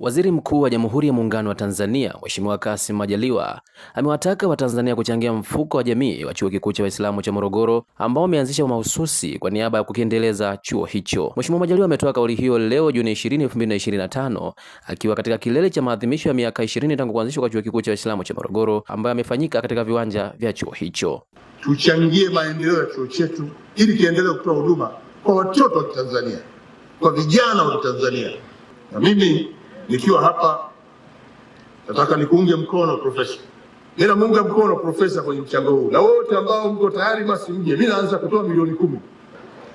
Waziri Mkuu wa Jamhuri ya Muungano wa Tanzania Mheshimiwa Kassim Majaliwa amewataka Watanzania kuchangia mfuko wa jamii wa Chuo Kikuu cha Waislamu cha Morogoro ambao ameanzisha mahususi kwa niaba ya kukiendeleza chuo hicho. Mheshimiwa Majaliwa ametoa kauli hiyo leo Juni 20, 2025 akiwa katika kilele cha maadhimisho ya miaka 20 tangu kuanzishwa kwa Chuo Kikuu cha Waislamu cha Morogoro ambayo amefanyika katika viwanja vya chuo hicho. Tuchangie maendeleo ya chuo chetu ili kiendelee kutoa huduma kwa watoto wa Tanzania, kwa vijana wa Tanzania na mimi Nikiwa hapa nataka nikuunge mkono profesa, mimi namuunga mkono profesa kwenye mchango huu, na wote ambao mko tayari basi mje. Mimi naanza kutoa milioni kumi,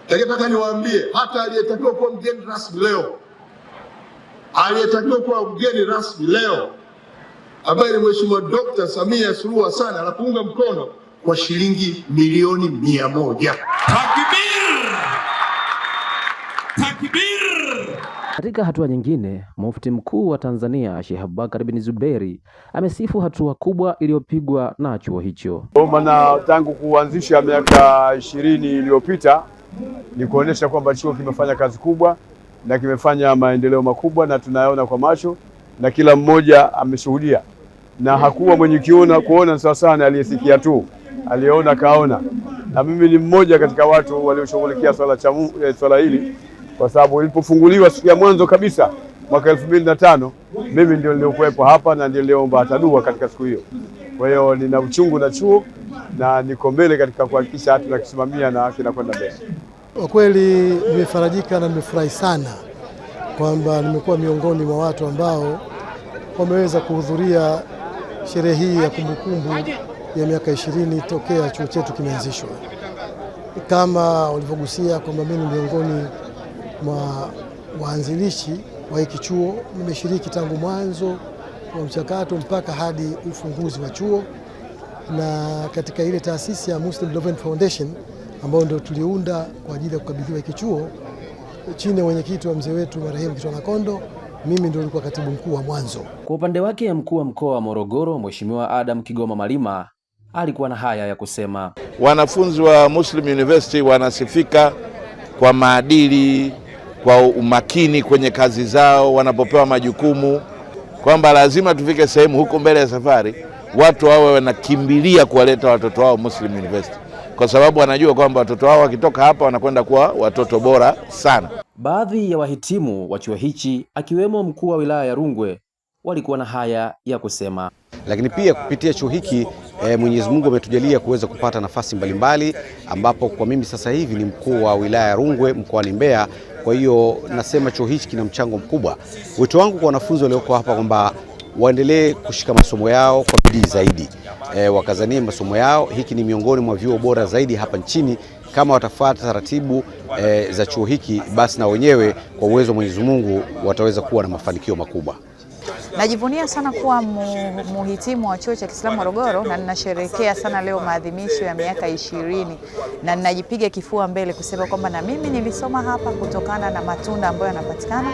lakini nataka niwaambie hata aliyetakiwa kuwa mgeni rasmi leo, aliyetakiwa kuwa mgeni rasmi leo ambaye ni Mheshimiwa Dr. Samia Suluhu Hassan anakuunga mkono kwa shilingi milioni mia moja. Takbir! Takbir! Katika hatua nyingine, mufti mkuu wa Tanzania Sheikh Abubakar bin Zuberi amesifu hatua kubwa iliyopigwa na chuo hicho. Maana tangu kuanzisha miaka ishirini iliyopita ni kuonesha kwamba chuo kimefanya kazi kubwa na kimefanya maendeleo makubwa, na tunayaona kwa macho na kila mmoja ameshuhudia, na hakuwa mwenye kiona kuona sawa sana, aliyesikia tu, aliyeona kaona, na mimi ni mmoja katika watu walioshughulikia swala, eh, swala hili kwa sababu ilipofunguliwa siku ya mwanzo kabisa mwaka elfu mbili na tano mimi ndio niliokuwepo hapa na ndio niliomba hata dua katika siku hiyo. Kwa hiyo nina uchungu na chuo na niko mbele katika kuhakikisha hatu nakisimamia na kinakwenda mbele. Kwa kweli nimefarajika na nimefurahi sana kwamba nimekuwa miongoni mwa watu ambao wameweza kuhudhuria sherehe hii ya kumbukumbu ya miaka ishirini tokea chuo chetu kimeanzishwa. Kama walivyogusia kwamba mimi ni miongoni mwa waanzilishi wa hiki chuo. Nimeshiriki tangu mwanzo wa mchakato mpaka hadi ufunguzi wa chuo, na katika ile taasisi ya Muslim Development Foundation ambayo ndio tuliunda kwa ajili ya kukabidhiwa hiki chuo chini ya mwenyekiti wa mzee wetu marehemu Kitwana Kondo. Mimi ndio nilikuwa katibu mkuu wa mwanzo. Kwa upande wake, mkuu wa mkoa wa Morogoro Mheshimiwa Adam Kigoma Malima alikuwa na haya ya kusema. Wanafunzi wa Muslim University wanasifika kwa maadili kwa umakini kwenye kazi zao wanapopewa majukumu, kwamba lazima tufike sehemu huko mbele ya safari watu wawe wanakimbilia kuwaleta watoto wao Muslim University kwa sababu wanajua kwamba watoto wao wakitoka hapa wanakwenda kuwa watoto bora sana. Baadhi ya wahitimu wa chuo hichi akiwemo mkuu wa wilaya ya Rungwe walikuwa na haya ya kusema. Lakini pia kupitia chuo hiki e, Mwenyezi Mungu ametujalia kuweza kupata nafasi mbalimbali, ambapo kwa mimi sasa hivi ni mkuu wa wilaya ya Rungwe mkoani Mbeya, kwa hiyo nasema chuo hichi kina mchango mkubwa. Wito wangu kwa wanafunzi walioko hapa kwamba waendelee kushika masomo yao kwa bidii zaidi, e, wakazanie masomo yao. Hiki ni miongoni mwa vyuo bora zaidi hapa nchini. Kama watafuata taratibu e, za chuo hiki, basi na wenyewe kwa uwezo wa Mwenyezi Mungu wataweza kuwa na mafanikio makubwa. Najivunia sana kuwa muhitimu wa chuo cha Kiislamu Morogoro na ninasherehekea sana leo maadhimisho ya miaka ishirini na ninajipiga kifua mbele kusema kwamba na mimi nilisoma hapa kutokana na matunda ambayo yanapatikana.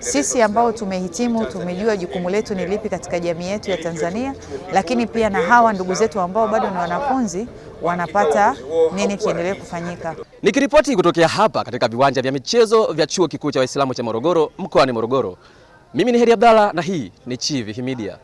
Sisi ambao tumehitimu tumejua jukumu letu ni lipi katika jamii yetu ya Tanzania, lakini pia na hawa ndugu zetu ambao bado ni wanafunzi wanapata nini kiendelee kufanyika. Nikiripoti kutokea hapa katika viwanja vya michezo vya Chuo Kikuu cha Waislamu cha Morogoro mkoani Morogoro. Mimi ni Heri Abdalla na hii ni Chivihi Media.